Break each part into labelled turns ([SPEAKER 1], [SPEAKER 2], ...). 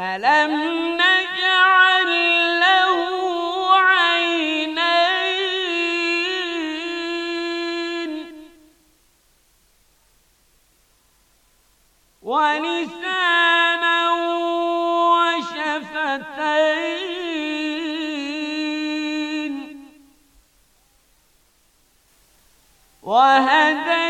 [SPEAKER 1] ألم نجعل له عينين ولسانا وشفتين وهديناه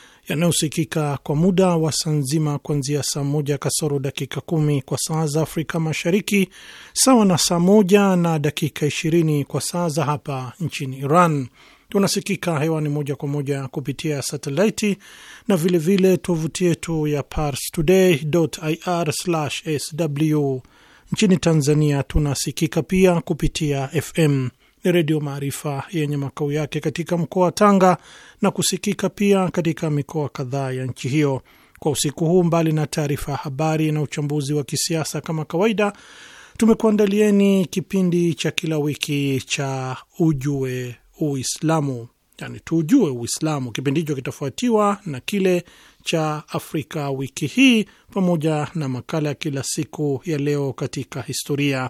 [SPEAKER 2] yanayosikika kwa muda wa saa nzima kuanzia saa moja kasoro dakika kumi kwa saa za Afrika Mashariki, sawa na saa moja na dakika ishirini kwa saa za hapa nchini Iran. Tunasikika hewani moja kwa moja kupitia satelaiti na vilevile tovuti yetu ya parstoday.ir/sw. Nchini Tanzania tunasikika pia kupitia FM ni Redio Maarifa yenye makao yake katika mkoa wa Tanga na kusikika pia katika mikoa kadhaa ya nchi hiyo. Kwa usiku huu, mbali na taarifa ya habari na uchambuzi wa kisiasa kama kawaida, tumekuandalieni kipindi cha kila wiki cha Ujue Uislamu, yani Tujue Uislamu. Kipindi hicho kitafuatiwa na kile cha Afrika Wiki Hii pamoja na makala ya kila siku ya Leo katika Historia.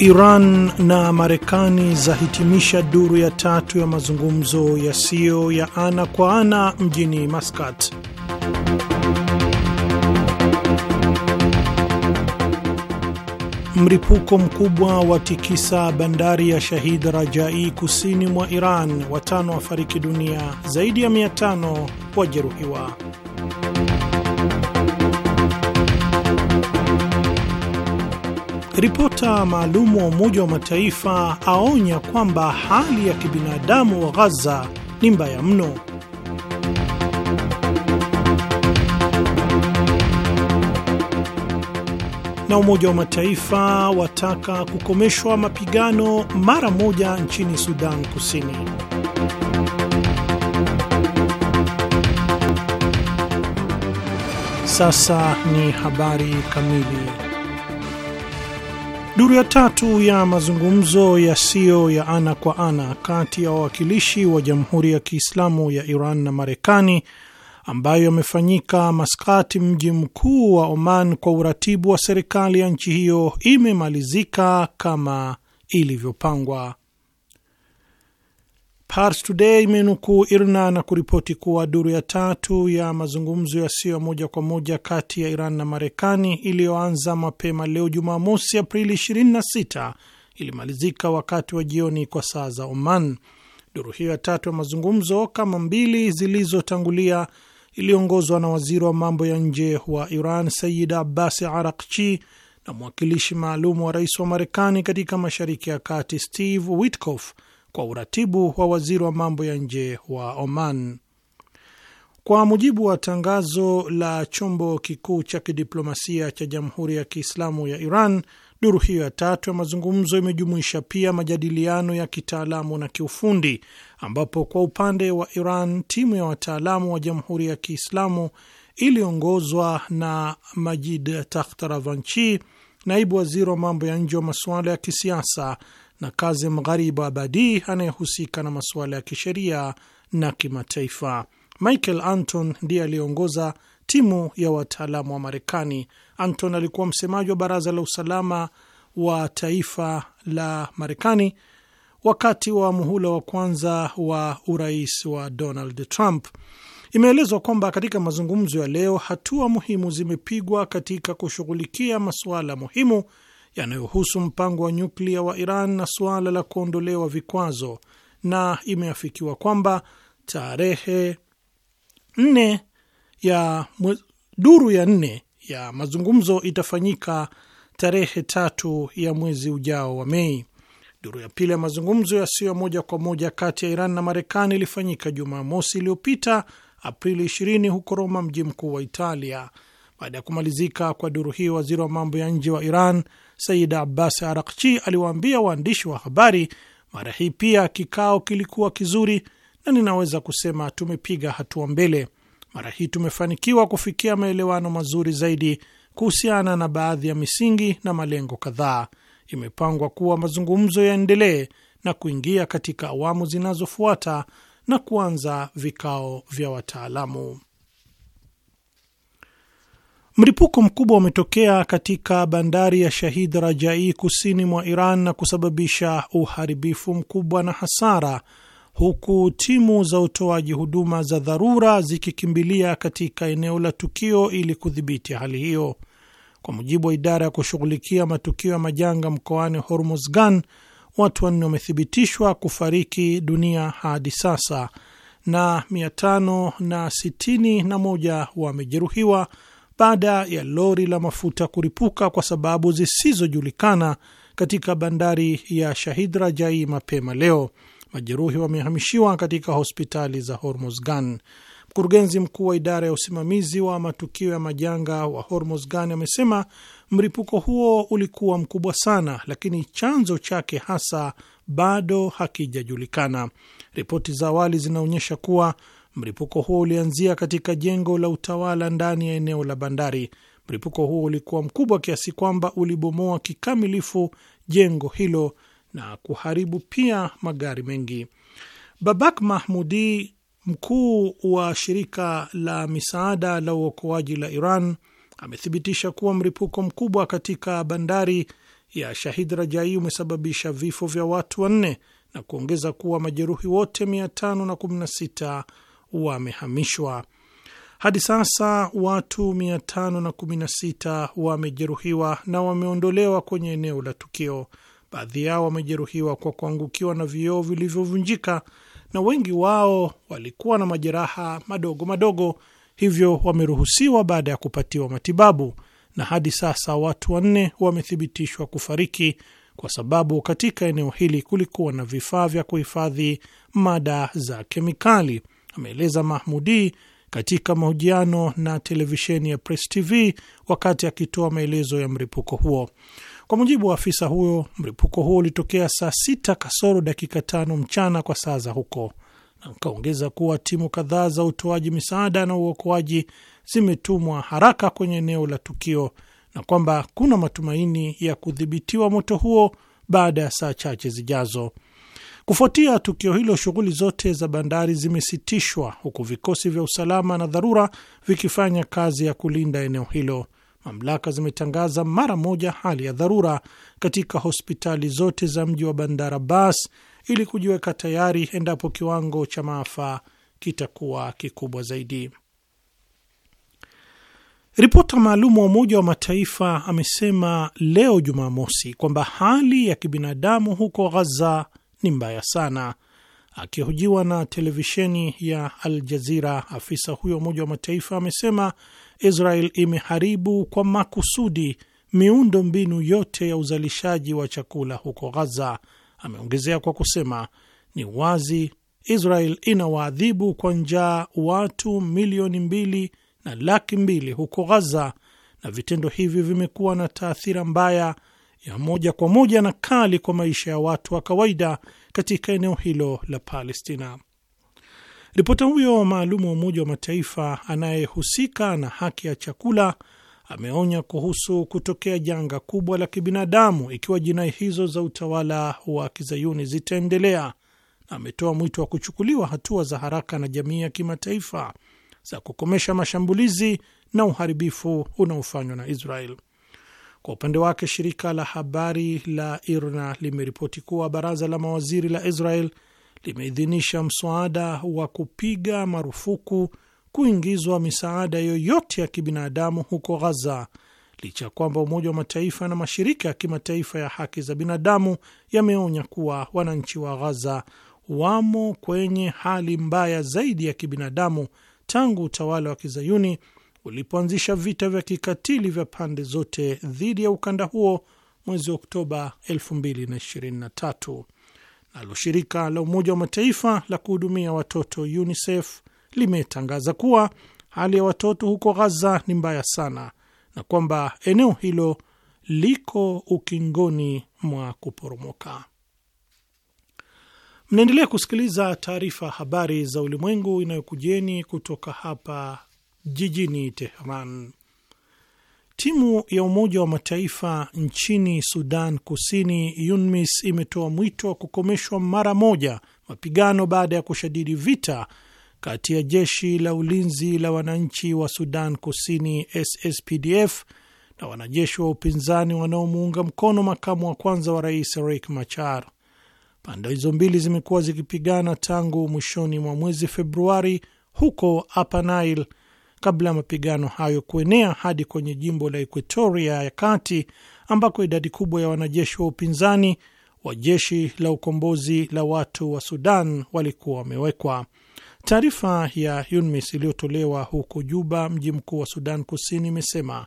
[SPEAKER 2] Iran na Marekani zahitimisha duru ya tatu ya mazungumzo yasiyo ya ana kwa ana mjini Maskat. mripuko mkubwa wa tikisa bandari ya Shahid Rajai kusini mwa Iran, watano wafariki dunia, zaidi ya 500 wajeruhiwa. Ripota maalum wa Umoja wa Mataifa aonya kwamba hali ya kibinadamu wa Ghaza ni mbaya mno. Na Umoja wa Mataifa wataka kukomeshwa mapigano mara moja nchini Sudan Kusini. Sasa ni habari kamili. Duru ya tatu ya mazungumzo yasiyo ya ana kwa ana kati ya wawakilishi wa Jamhuri ya Kiislamu ya Iran na Marekani ambayo yamefanyika Maskati, mji mkuu wa Oman, kwa uratibu wa serikali ya nchi hiyo imemalizika kama ilivyopangwa. Pars Today imenukuu IRNA na kuripoti kuwa duru ya tatu ya mazungumzo yasiyo ya moja kwa moja kati ya Iran na Marekani iliyoanza mapema leo Jumamosi Aprili 26 ilimalizika wakati wa jioni kwa saa za Oman. Duru hiyo ya tatu ya mazungumzo kama mbili zilizotangulia iliongozwa na waziri wa mambo ya nje wa Iran Sayid Abbas Arakchi na mwakilishi maalum wa rais wa Marekani katika Mashariki ya Kati Steve Witkoff kwa uratibu wa waziri wa mambo ya nje wa Oman. Kwa mujibu wa tangazo la chombo kikuu cha kidiplomasia cha Jamhuri ya Kiislamu ya Iran, duru hiyo ya tatu ya mazungumzo imejumuisha pia majadiliano ya kitaalamu na kiufundi, ambapo kwa upande wa Iran timu ya wataalamu wa Jamhuri ya Kiislamu iliongozwa na Majid takhtaravanchi naibu waziri wa mambo ya nje wa masuala ya kisiasa na Kazem Gharib Abadi anayehusika na masuala ya kisheria na kimataifa. Michael Anton ndiye aliyeongoza timu ya wataalamu wa Marekani. Anton alikuwa msemaji wa baraza la usalama wa taifa la Marekani wakati wa muhula wa kwanza wa urais wa Donald Trump. Imeelezwa kwamba katika mazungumzo ya leo hatua muhimu zimepigwa katika kushughulikia masuala muhimu yanayohusu mpango wa nyuklia wa Iran na suala la kuondolewa vikwazo, na imeafikiwa kwamba tarehe nne ya duru ya nne ya mazungumzo itafanyika tarehe tatu ya mwezi ujao wa Mei. Duru ya pili ya mazungumzo yasiyo ya moja kwa moja kati ya Iran na Marekani ilifanyika Jumamosi iliyopita Aprili 20 huko Roma, mji mkuu wa Italia baada ya kumalizika kwa duru hiyo, waziri wa mambo ya nje wa Iran Sayid Abbas Arakchi aliwaambia waandishi wa habari, mara hii pia kikao kilikuwa kizuri na ninaweza kusema tumepiga hatua mbele. Mara hii tumefanikiwa kufikia maelewano mazuri zaidi kuhusiana na baadhi ya misingi na malengo kadhaa. Imepangwa kuwa mazungumzo yaendelee na kuingia katika awamu zinazofuata na kuanza vikao vya wataalamu. Mlipuko mkubwa umetokea katika bandari ya Shahid Rajai kusini mwa Iran na kusababisha uharibifu mkubwa na hasara, huku timu za utoaji huduma za dharura zikikimbilia katika eneo la tukio ili kudhibiti hali hiyo. Kwa mujibu wa idara ya kushughulikia matukio ya majanga mkoani Hormozgan, watu wanne wamethibitishwa kufariki dunia hadi sasa na 561 wamejeruhiwa baada ya lori la mafuta kuripuka kwa sababu zisizojulikana katika bandari ya Shahid Rajai mapema leo. Majeruhi wamehamishiwa katika hospitali za Hormozgan. Mkurugenzi mkuu wa idara ya usimamizi wa matukio ya majanga wa Hormozgan amesema mripuko huo ulikuwa mkubwa sana, lakini chanzo chake hasa bado hakijajulikana. Ripoti za awali zinaonyesha kuwa Mlipuko huo ulianzia katika jengo la utawala ndani ya eneo la bandari. Mlipuko huo ulikuwa mkubwa kiasi kwamba ulibomoa kikamilifu jengo hilo na kuharibu pia magari mengi. Babak Mahmudi, mkuu wa shirika la misaada la uokoaji la Iran, amethibitisha kuwa mlipuko mkubwa katika bandari ya Shahid Rajai umesababisha vifo vya watu wanne na kuongeza kuwa majeruhi wote 516 wamehamishwa. Hadi sasa watu 516 wamejeruhiwa na wameondolewa kwenye eneo la tukio. Baadhi yao wamejeruhiwa kwa kuangukiwa na vioo vilivyovunjika na wengi wao walikuwa na majeraha madogo madogo, hivyo wameruhusiwa baada ya kupatiwa matibabu. Na hadi sasa watu wanne wamethibitishwa kufariki kwa sababu katika eneo hili kulikuwa na vifaa vya kuhifadhi mada za kemikali ameeleza Mahmudi katika mahojiano na televisheni ya Press TV wakati akitoa maelezo ya mlipuko huo. Kwa mujibu wa afisa huyo, mlipuko huo ulitokea saa sita kasoro dakika tano mchana kwa saa za huko, na akaongeza kuwa timu kadhaa za utoaji misaada na uokoaji zimetumwa haraka kwenye eneo la tukio na kwamba kuna matumaini ya kudhibitiwa moto huo baada ya saa chache zijazo. Kufuatia tukio hilo, shughuli zote za bandari zimesitishwa huku vikosi vya usalama na dharura vikifanya kazi ya kulinda eneo hilo. Mamlaka zimetangaza mara moja hali ya dharura katika hospitali zote za mji wa Bandar Abbas ili kujiweka tayari endapo kiwango cha maafa kitakuwa kikubwa zaidi. Ripota maalum wa Umoja wa Mataifa amesema leo Jumamosi kwamba hali ya kibinadamu huko Ghaza ni mbaya sana. Akihojiwa na televisheni ya Al Jazira, afisa huyo wa Umoja wa Mataifa amesema Israel imeharibu kwa makusudi miundo mbinu yote ya uzalishaji wa chakula huko Ghaza. Ameongezea kwa kusema ni wazi Israel inawaadhibu kwa njaa watu milioni mbili na laki mbili huko Ghaza, na vitendo hivyo vimekuwa na taathira mbaya ya moja kwa moja na kali kwa maisha ya watu wa kawaida katika eneo hilo la Palestina. Ripota huyo maalum wa Umoja wa Mataifa anayehusika na haki ya chakula ameonya kuhusu kutokea janga kubwa la kibinadamu ikiwa jinai hizo za utawala wa kizayuni zitaendelea, na ametoa mwito wa kuchukuliwa hatua za haraka na jamii ya kimataifa za kukomesha mashambulizi na uharibifu unaofanywa na Israel. Kwa upande wake, shirika la habari la IRNA limeripoti kuwa baraza la mawaziri la Israel limeidhinisha mswada wa kupiga marufuku kuingizwa misaada yoyote ya kibinadamu huko Ghaza licha ya kwamba Umoja wa Mataifa na mashirika ya kimataifa ya haki za binadamu yameonya kuwa wananchi wa Ghaza wamo kwenye hali mbaya zaidi ya kibinadamu tangu utawala wa kizayuni ulipoanzisha vita vya kikatili vya pande zote dhidi ya ukanda huo mwezi Oktoba 2023. Nalo shirika la Umoja wa Mataifa la kuhudumia watoto UNICEF limetangaza kuwa hali ya watoto huko Ghaza ni mbaya sana na kwamba eneo hilo liko ukingoni mwa kuporomoka. Mnaendelea kusikiliza taarifa habari za ulimwengu inayokujeni kutoka hapa jijini Tehran. Timu ya Umoja wa Mataifa nchini Sudan Kusini, UNMISS, imetoa mwito wa kukomeshwa mara moja mapigano baada ya kushadidi vita kati ya jeshi la ulinzi la wananchi wa Sudan Kusini, SSPDF, na wanajeshi wa upinzani wanaomuunga mkono makamu wa kwanza wa rais Riek Machar. Pande hizo mbili zimekuwa zikipigana tangu mwishoni mwa mwezi Februari huko Upper Nile kabla ya mapigano hayo kuenea hadi kwenye jimbo la equatoria ya kati ambako idadi kubwa ya wanajeshi wa upinzani wa jeshi la ukombozi la watu wa Sudan walikuwa wamewekwa. Taarifa ya UNMISS iliyotolewa huko Juba, mji mkuu wa Sudan Kusini, imesema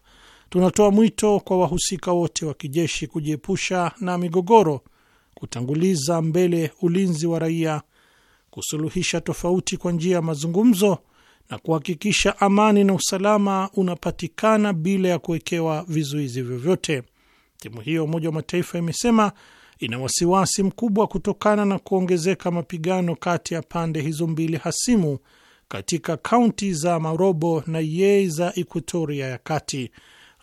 [SPEAKER 2] tunatoa mwito kwa wahusika wote wa kijeshi kujiepusha na migogoro, kutanguliza mbele ulinzi wa raia, kusuluhisha tofauti kwa njia ya mazungumzo na kuhakikisha amani na usalama unapatikana bila ya kuwekewa vizuizi vyovyote. Timu hiyo Umoja wa Mataifa imesema ina wasiwasi mkubwa kutokana na kuongezeka mapigano kati ya pande hizo mbili hasimu katika kaunti za Marobo na Yei za Ekuatoria ya Kati,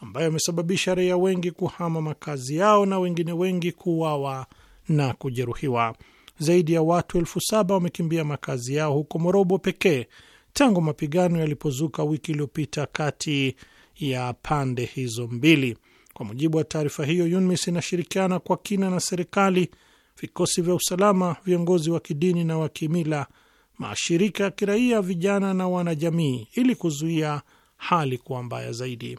[SPEAKER 2] ambayo amesababisha raia wengi kuhama makazi yao na wengine wengi kuuawa na kujeruhiwa. Zaidi ya watu elfu saba wamekimbia makazi yao huko Morobo pekee tangu mapigano yalipozuka wiki iliyopita kati ya pande hizo mbili. Kwa mujibu wa taarifa hiyo, UNMISS inashirikiana kwa kina na serikali, vikosi vya usalama, viongozi wa kidini na wa kimila, mashirika ya kiraia, vijana na wanajamii, ili kuzuia hali kuwa mbaya zaidi.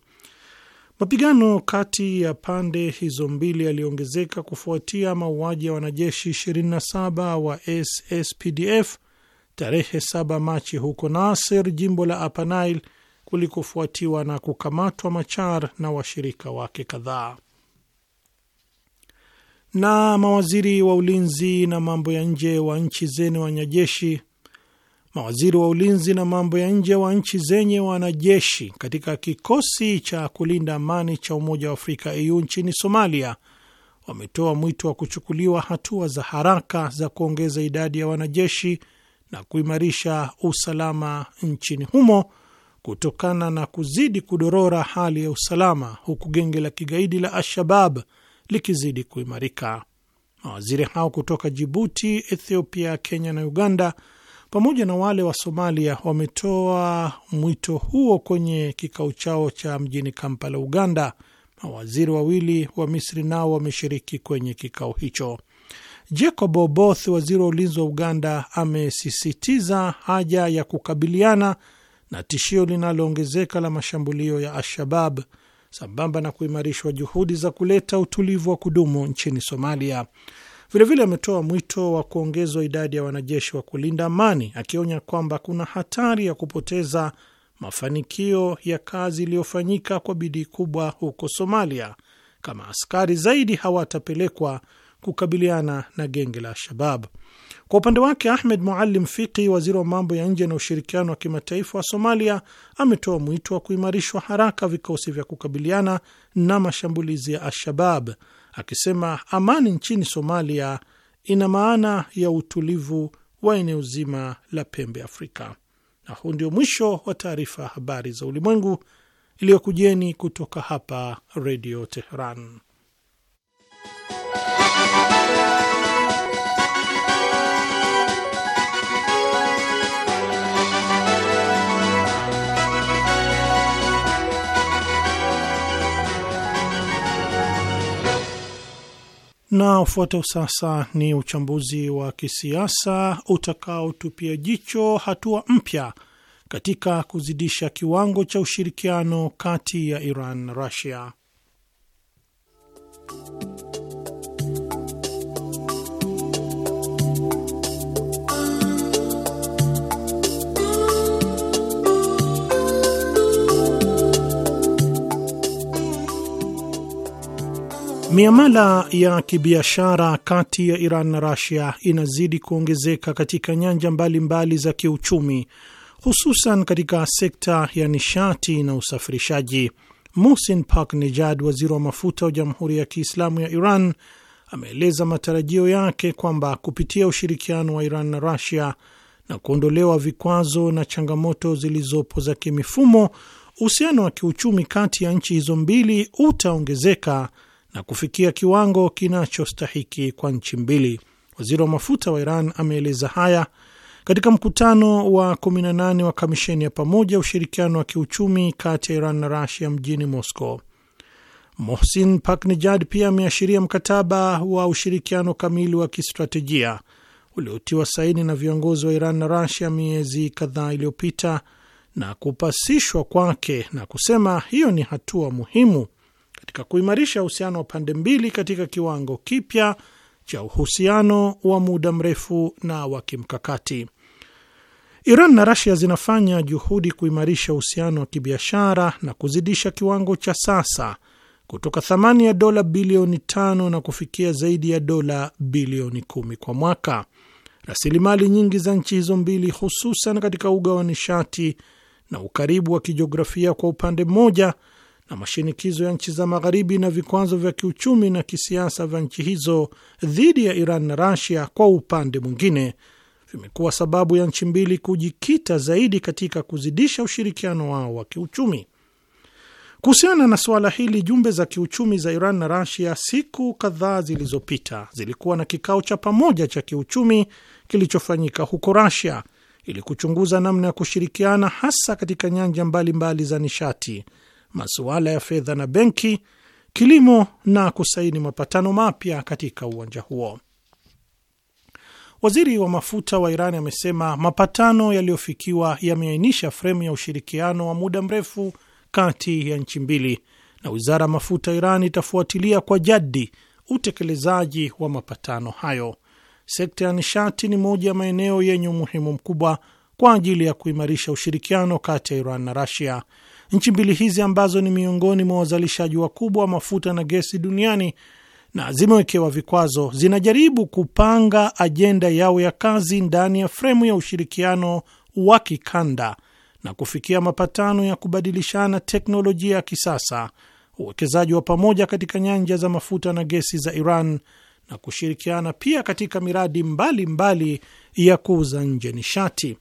[SPEAKER 2] Mapigano kati ya pande hizo mbili yaliongezeka kufuatia mauaji ya wanajeshi 27 wa SSPDF tarehe 7 Machi huko Nasir, jimbo la Apanail, kulikofuatiwa na kukamatwa Machar na washirika wake kadhaa. Na mawaziri wa ulinzi na mambo ya nje wa nchi zenye wanajeshi mawaziri wa ulinzi na mambo ya nje wa nchi zenye wanajeshi katika kikosi cha kulinda amani cha Umoja wa Afrika AU nchini Somalia wametoa mwito wa kuchukuliwa hatua za haraka za kuongeza idadi ya wanajeshi na kuimarisha usalama nchini humo kutokana na kuzidi kudorora hali ya usalama, huku genge la kigaidi la Al-Shabab likizidi kuimarika. Mawaziri hao kutoka Jibuti, Ethiopia, Kenya na Uganda pamoja na wale wa Somalia wametoa mwito huo kwenye kikao chao cha mjini Kampala, Uganda. Mawaziri wawili wa Misri nao wameshiriki kwenye kikao hicho. Jacob Oboth, waziri wa ulinzi wa Uganda, amesisitiza haja ya kukabiliana na tishio linaloongezeka la mashambulio ya Al-Shabab sambamba na kuimarishwa juhudi za kuleta utulivu wa kudumu nchini Somalia. Vilevile ametoa mwito wa kuongezwa idadi ya wanajeshi wa kulinda amani, akionya kwamba kuna hatari ya kupoteza mafanikio ya kazi iliyofanyika kwa bidii kubwa huko Somalia kama askari zaidi hawatapelekwa kukabiliana na genge la Al-Shabab. Kwa upande wake, Ahmed Muallim Fiqi, waziri wa mambo ya nje na ushirikiano wa kimataifa wa Somalia, ametoa mwito wa kuimarishwa haraka vikosi vya kukabiliana na mashambulizi ya Al-Shabab, akisema amani nchini Somalia ina maana ya utulivu wa eneo zima la pembe Afrika. Na huu ndio mwisho wa taarifa ya habari za ulimwengu iliyokujeni kutoka hapa Redio Teheran. Na ufuatao sasa ni uchambuzi wa kisiasa utakaotupia jicho hatua mpya katika kuzidisha kiwango cha ushirikiano kati ya Iran na Russia. Miamala ya kibiashara kati ya Iran na Rasia inazidi kuongezeka katika nyanja mbalimbali mbali za kiuchumi, hususan katika sekta ya nishati na usafirishaji. Muhsin nejad waziri wa mafuta wa Jamhuri ya Kiislamu ya Iran, ameeleza matarajio yake kwamba kupitia ushirikiano wa Iran na Rasia na kuondolewa vikwazo na changamoto zilizopo za kimifumo, uhusiano wa kiuchumi kati ya nchi hizo mbili utaongezeka na kufikia kiwango kinachostahiki kwa nchi mbili. Waziri wa mafuta wa Iran ameeleza haya katika mkutano wa 18 wa kamisheni ya pamoja ushirikiano wa kiuchumi kati ya Iran na Rasia mjini Moscow. Mohsin Paknejad pia ameashiria mkataba wa ushirikiano kamili wa kistratejia uliotiwa saini na viongozi wa Iran na Rasia miezi kadhaa iliyopita na kupasishwa kwake na kusema hiyo ni hatua muhimu katika kuimarisha uhusiano wa pande mbili katika kiwango kipya cha uhusiano wa muda mrefu na wa kimkakati. Iran na Rasia zinafanya juhudi kuimarisha uhusiano wa kibiashara na kuzidisha kiwango cha sasa kutoka thamani ya dola bilioni tano na kufikia zaidi ya dola bilioni kumi kwa mwaka. Rasilimali nyingi za nchi hizo mbili, hususan katika uga wa nishati na ukaribu wa kijiografia kwa upande mmoja, na mashinikizo ya nchi za Magharibi na vikwazo vya kiuchumi na kisiasa vya nchi hizo dhidi ya Iran na Rasia kwa upande mwingine vimekuwa sababu ya nchi mbili kujikita zaidi katika kuzidisha ushirikiano wao wa kiuchumi. Kuhusiana na suala hili, jumbe za kiuchumi za Iran na Rasia siku kadhaa zilizopita zilikuwa na kikao cha pamoja cha kiuchumi kilichofanyika huko Rasia ili kuchunguza namna ya kushirikiana hasa katika nyanja mbalimbali mbali za nishati masuala ya fedha na benki, kilimo na kusaini mapatano mapya katika uwanja huo. Waziri wa mafuta wa Iran amesema mapatano yaliyofikiwa yameainisha fremu ya ushirikiano wa muda mrefu kati ya nchi mbili, na wizara ya mafuta Iran itafuatilia kwa jadi utekelezaji wa mapatano hayo. Sekta ya nishati ni moja ya maeneo yenye umuhimu mkubwa kwa ajili ya kuimarisha ushirikiano kati ya Iran na Rasia, Nchi mbili hizi ambazo ni miongoni mwa wazalishaji wakubwa wa mafuta na gesi duniani na zimewekewa vikwazo, zinajaribu kupanga ajenda yao ya kazi ndani ya fremu ya ushirikiano wa kikanda na kufikia mapatano ya kubadilishana teknolojia ya kisasa, uwekezaji wa pamoja katika nyanja za mafuta na gesi za Iran na kushirikiana pia katika miradi mbalimbali mbali ya kuuza nje nishati.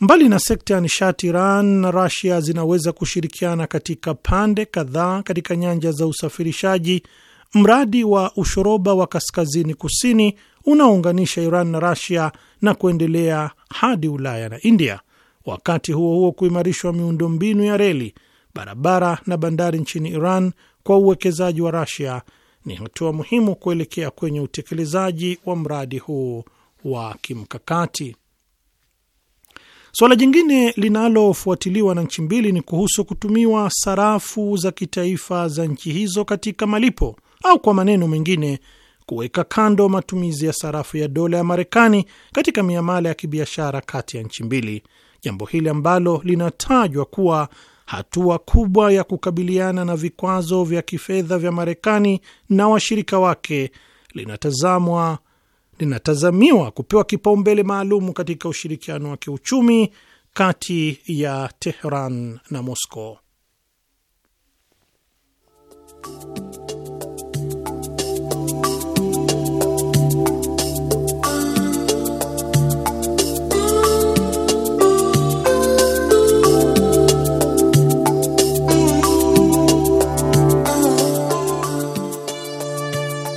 [SPEAKER 2] Mbali na sekta ya nishati, Iran na Rasia zinaweza kushirikiana katika pande kadhaa katika nyanja za usafirishaji. Mradi wa ushoroba wa kaskazini kusini unaounganisha Iran na Rasia na kuendelea hadi Ulaya na India. Wakati huo huo, kuimarishwa miundombinu ya reli, barabara na bandari nchini Iran kwa uwekezaji wa Rasia ni hatua muhimu kuelekea kwenye utekelezaji wa mradi huu wa kimkakati. Suala jingine linalofuatiliwa na nchi mbili ni kuhusu kutumiwa sarafu za kitaifa za nchi hizo katika malipo au kwa maneno mengine kuweka kando matumizi ya sarafu ya dola ya Marekani katika miamala ya kibiashara kati ya nchi mbili, jambo hili ambalo linatajwa kuwa hatua kubwa ya kukabiliana na vikwazo vya kifedha vya Marekani na washirika wake linatazamwa linatazamiwa kupewa kipaumbele maalum katika ushirikiano wa kiuchumi kati ya Tehran na Moscow.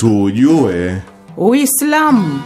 [SPEAKER 2] tujue
[SPEAKER 3] Uislamu.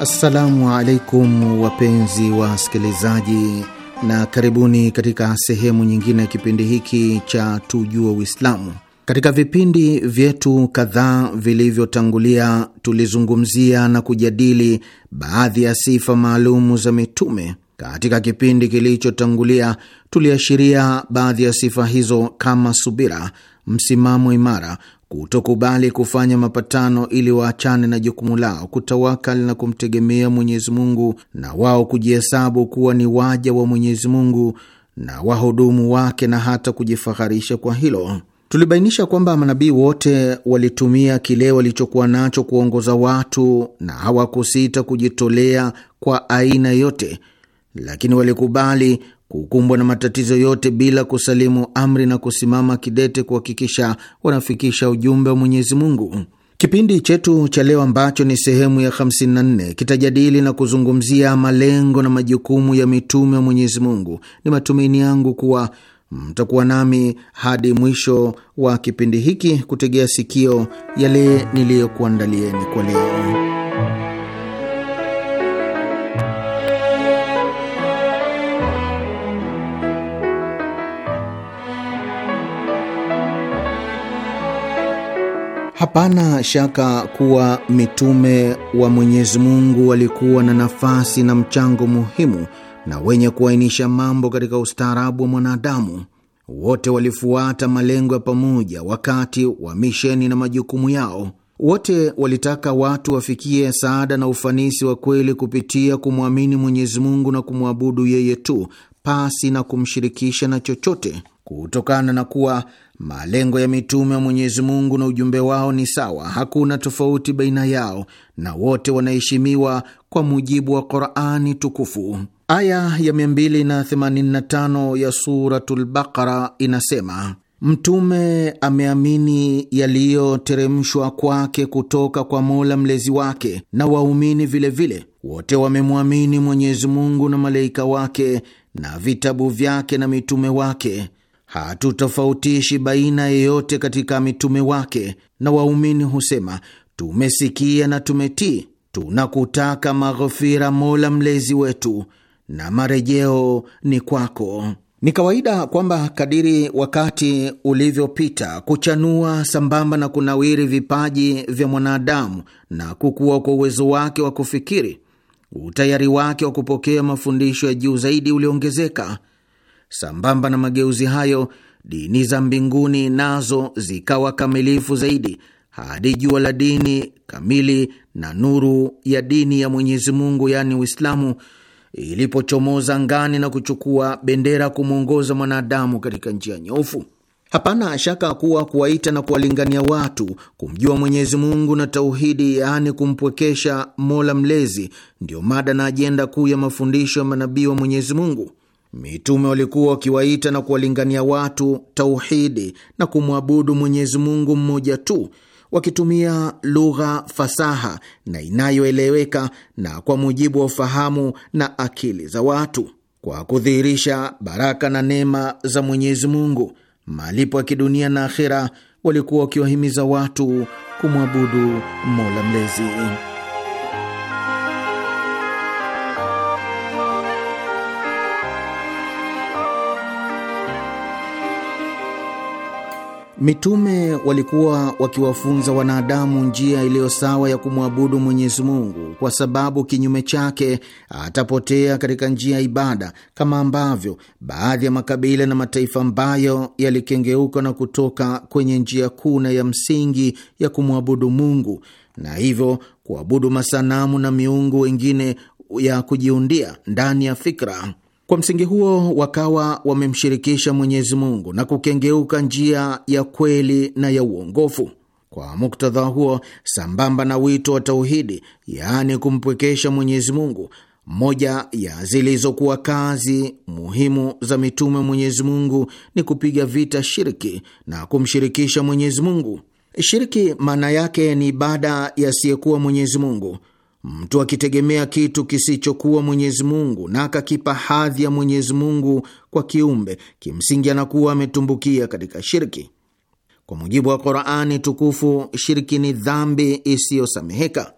[SPEAKER 4] Assalamu alaikum wapenzi wa wasikilizaji, na karibuni katika sehemu nyingine ya kipindi hiki cha tujue Uislamu. Katika vipindi vyetu kadhaa vilivyotangulia, tulizungumzia na kujadili baadhi ya sifa maalumu za mitume. Katika kipindi kilichotangulia, tuliashiria baadhi ya sifa hizo kama subira msimamo imara, kutokubali kufanya mapatano ili waachane na jukumu lao, kutawakali na kumtegemea Mwenyezi Mungu, na wao kujihesabu kuwa ni waja wa Mwenyezi Mungu na wahudumu wake, na hata kujifaharisha kwa hilo. Tulibainisha kwamba manabii wote walitumia kile walichokuwa nacho kuongoza watu na hawakusita kujitolea kwa aina yote, lakini walikubali kukumbwa na matatizo yote bila kusalimu amri na kusimama kidete kuhakikisha wanafikisha ujumbe wa Mwenyezi Mungu. Kipindi chetu cha leo ambacho ni sehemu ya 54 kitajadili na kuzungumzia malengo na majukumu ya mitume wa Mwenyezi Mungu. Ni matumaini yangu kuwa mtakuwa nami hadi mwisho wa kipindi hiki kutegea sikio yale niliyokuandalieni kwa leo. Hapana shaka kuwa mitume wa Mwenyezi Mungu walikuwa na nafasi na mchango muhimu na wenye kuainisha mambo katika ustaarabu wa mwanadamu. Wote walifuata malengo ya pamoja wakati wa misheni na majukumu yao. Wote walitaka watu wafikie saada na ufanisi wa kweli kupitia kumwamini Mwenyezi Mungu na kumwabudu yeye tu pasi na kumshirikisha na chochote kutokana na kuwa malengo ya mitume wa Mwenyezi Mungu na ujumbe wao ni sawa, hakuna tofauti baina yao na wote wanaheshimiwa kwa mujibu wa Qurani Tukufu. Aya ya 285 ya Suratul Baqara inasema Mtume ameamini yaliyoteremshwa kwake kutoka kwa Mola mlezi wake, na waumini vilevile wote wamemwamini Mwenyezi Mungu na malaika wake na vitabu vyake na mitume wake hatutofautishi baina yeyote katika mitume wake, na waumini husema tumesikia na tumetii. Tunakutaka maghfira, Mola mlezi wetu, na marejeo ni kwako. Ni kawaida kwamba kadiri wakati ulivyopita, kuchanua sambamba na kunawiri vipaji vya mwanadamu na kukua kwa uwezo wake wa kufikiri, utayari wake wa kupokea mafundisho ya juu zaidi uliongezeka. Sambamba na mageuzi hayo, dini za mbinguni nazo zikawa kamilifu zaidi hadi jua la dini kamili na nuru ya dini ya Mwenyezi Mungu, yaani Uislamu, ilipochomoza ngani na kuchukua bendera kumwongoza mwanadamu katika njia nyofu. Hapana shaka kuwa kuwaita na kuwalingania watu kumjua Mwenyezi Mungu na tauhidi, yaani kumpwekesha Mola Mlezi, ndiyo mada na ajenda kuu ya mafundisho ya manabii wa Mwenyezi Mungu. Mitume walikuwa wakiwaita na kuwalingania watu tauhidi na kumwabudu Mwenyezi Mungu mmoja tu, wakitumia lugha fasaha na inayoeleweka na kwa mujibu wa ufahamu na akili za watu, kwa kudhihirisha baraka na neema za Mwenyezi Mungu, malipo ya kidunia na akhira Walikuwa wakiwahimiza watu kumwabudu Mola Mlezi. Mitume walikuwa wakiwafunza wanadamu njia iliyo sawa ya kumwabudu Mwenyezi Mungu, kwa sababu kinyume chake atapotea katika njia ya ibada, kama ambavyo baadhi ya makabila na mataifa ambayo yalikengeuka na kutoka kwenye njia kuu na ya msingi ya kumwabudu Mungu, na hivyo kuabudu masanamu na miungu wengine ya kujiundia ndani ya fikra. Kwa msingi huo wakawa wamemshirikisha Mwenyezi Mungu na kukengeuka njia ya kweli na ya uongofu. Kwa muktadha huo, sambamba na wito wa tauhidi, yaani kumpwekesha Mwenyezi Mungu, moja ya zilizokuwa kazi muhimu za mitume Mwenyezi Mungu ni kupiga vita shirki na kumshirikisha Mwenyezi Mungu. Shirki maana yake ni ibada yasiyekuwa Mwenyezi Mungu Mtu akitegemea kitu kisichokuwa Mwenyezi Mungu na akakipa hadhi ya Mwenyezi Mungu kwa kiumbe, kimsingi anakuwa ametumbukia katika shirki. Kwa mujibu wa Qurani Tukufu, shirki ni dhambi isiyosameheka.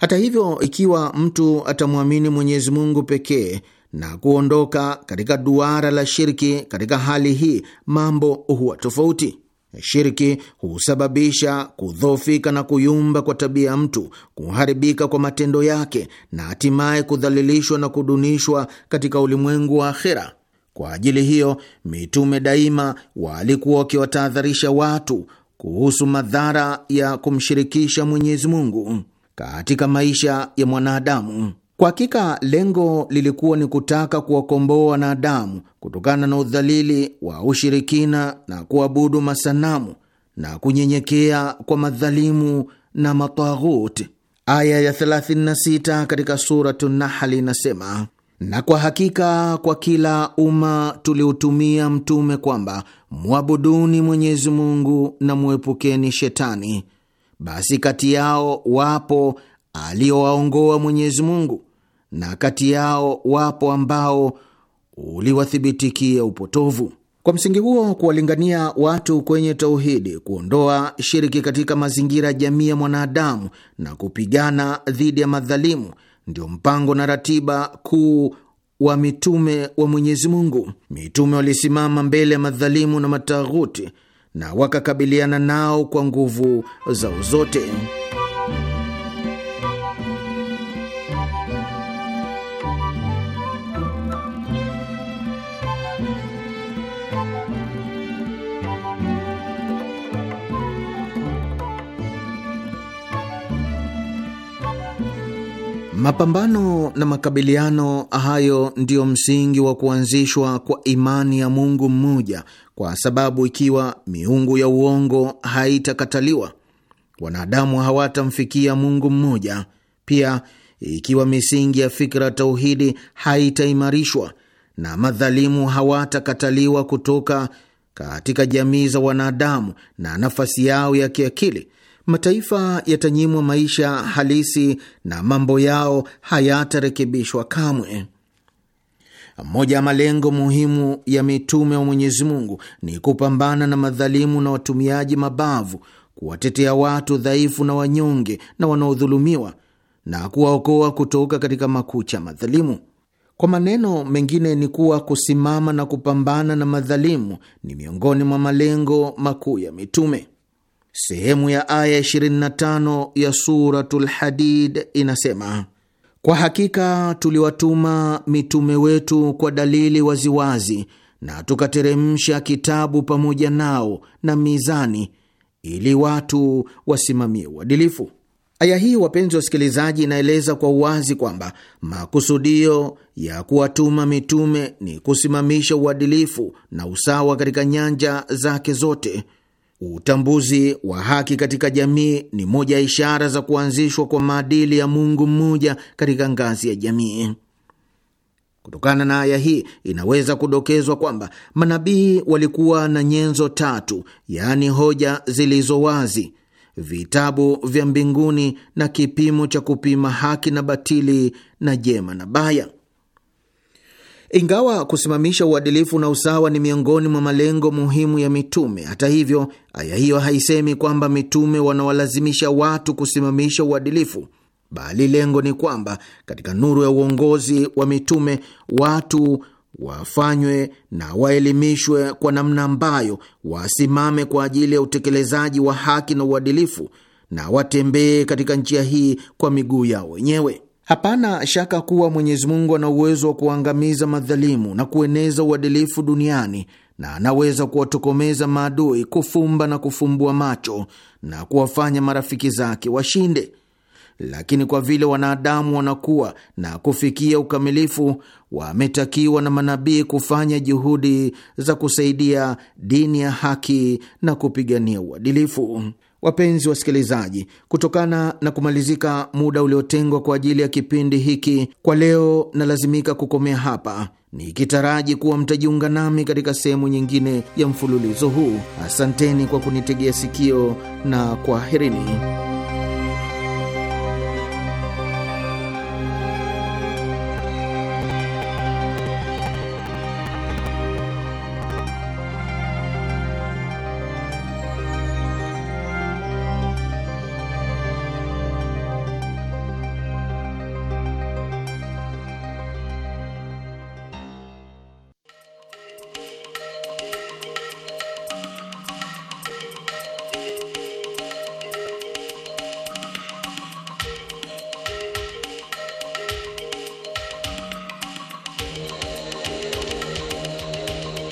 [SPEAKER 4] Hata hivyo, ikiwa mtu atamwamini Mwenyezi Mungu pekee na kuondoka katika duara la shirki, katika hali hii mambo huwa tofauti. Shirki husababisha kudhoofika na kuyumba kwa tabia ya mtu, kuharibika kwa matendo yake, na hatimaye kudhalilishwa na kudunishwa katika ulimwengu wa akhera. Kwa ajili hiyo, mitume daima walikuwa wakiwatahadharisha watu kuhusu madhara ya kumshirikisha Mwenyezi Mungu katika maisha ya mwanadamu. Kwa hakika lengo lilikuwa ni kutaka kuwakomboa wanadamu kutokana na udhalili wa ushirikina na kuabudu masanamu na kunyenyekea kwa madhalimu na matahuti Aya ya 36 katika Suratu Nahali inasema na kwa hakika kwa kila umma tuliutumia mtume kwamba mwabuduni Mwenyezi Mungu na mwepukeni shetani, basi kati yao wapo aliowaongoa Mwenyezi Mungu na kati yao wapo ambao uliwathibitikia upotovu. Kwa msingi huo, kuwalingania watu kwenye tauhidi, kuondoa shiriki katika mazingira ya jamii ya mwanadamu na kupigana dhidi ya madhalimu ndio mpango na ratiba kuu wa mitume wa Mwenyezi Mungu. Mitume walisimama mbele ya madhalimu na mataghuti na wakakabiliana nao kwa nguvu zao zote. Mapambano na makabiliano hayo ndiyo msingi wa kuanzishwa kwa imani ya Mungu mmoja, kwa sababu ikiwa miungu ya uongo haitakataliwa, wanadamu hawatamfikia Mungu mmoja. Pia ikiwa misingi ya fikra tauhidi haitaimarishwa na madhalimu hawatakataliwa kutoka katika jamii za wanadamu na nafasi yao ya kiakili mataifa yatanyimwa maisha halisi na mambo yao hayatarekebishwa kamwe. Moja ya malengo muhimu ya mitume wa Mwenyezi Mungu ni kupambana na madhalimu na watumiaji mabavu, kuwatetea watu dhaifu na wanyonge na wanaodhulumiwa, na kuwaokoa kutoka katika makucha madhalimu. Kwa maneno mengine ni kuwa kusimama na kupambana na madhalimu ni miongoni mwa malengo makuu ya mitume. Sehemu ya aya 25 ya Suratul Hadid inasema kwa hakika tuliwatuma mitume wetu kwa dalili waziwazi na tukateremsha kitabu pamoja nao na mizani ili watu wasimamie uadilifu. Aya hii, wapenzi wa wasikilizaji, inaeleza kwa uwazi kwamba makusudio ya kuwatuma mitume ni kusimamisha uadilifu na usawa katika nyanja zake zote. Utambuzi wa haki katika jamii ni moja ya ishara za kuanzishwa kwa maadili ya Mungu mmoja katika ngazi ya jamii. Kutokana na aya hii inaweza kudokezwa kwamba manabii walikuwa na nyenzo tatu, yaani hoja zilizo wazi, vitabu vya mbinguni na kipimo cha kupima haki na batili na jema na baya. Ingawa kusimamisha uadilifu na usawa ni miongoni mwa malengo muhimu ya mitume, hata hivyo, aya hiyo haisemi kwamba mitume wanawalazimisha watu kusimamisha uadilifu, bali lengo ni kwamba katika nuru ya uongozi wa mitume watu wafanywe na waelimishwe kwa namna ambayo wasimame kwa ajili ya utekelezaji wa haki na uadilifu na watembee katika njia hii kwa miguu yao wenyewe. Hapana shaka kuwa Mwenyezi Mungu ana uwezo wa kuangamiza madhalimu na kueneza uadilifu duniani na anaweza kuwatokomeza maadui, kufumba na kufumbua macho na kuwafanya marafiki zake washinde. Lakini kwa vile wanadamu wanakuwa na kufikia ukamilifu, wametakiwa na manabii kufanya juhudi za kusaidia dini ya haki na kupigania uadilifu. Wapenzi wasikilizaji, kutokana na kumalizika muda uliotengwa kwa ajili ya kipindi hiki kwa leo, nalazimika kukomea hapa nikitaraji kuwa mtajiunga nami katika sehemu nyingine ya mfululizo huu. Asanteni kwa kunitegea sikio na kwaherini.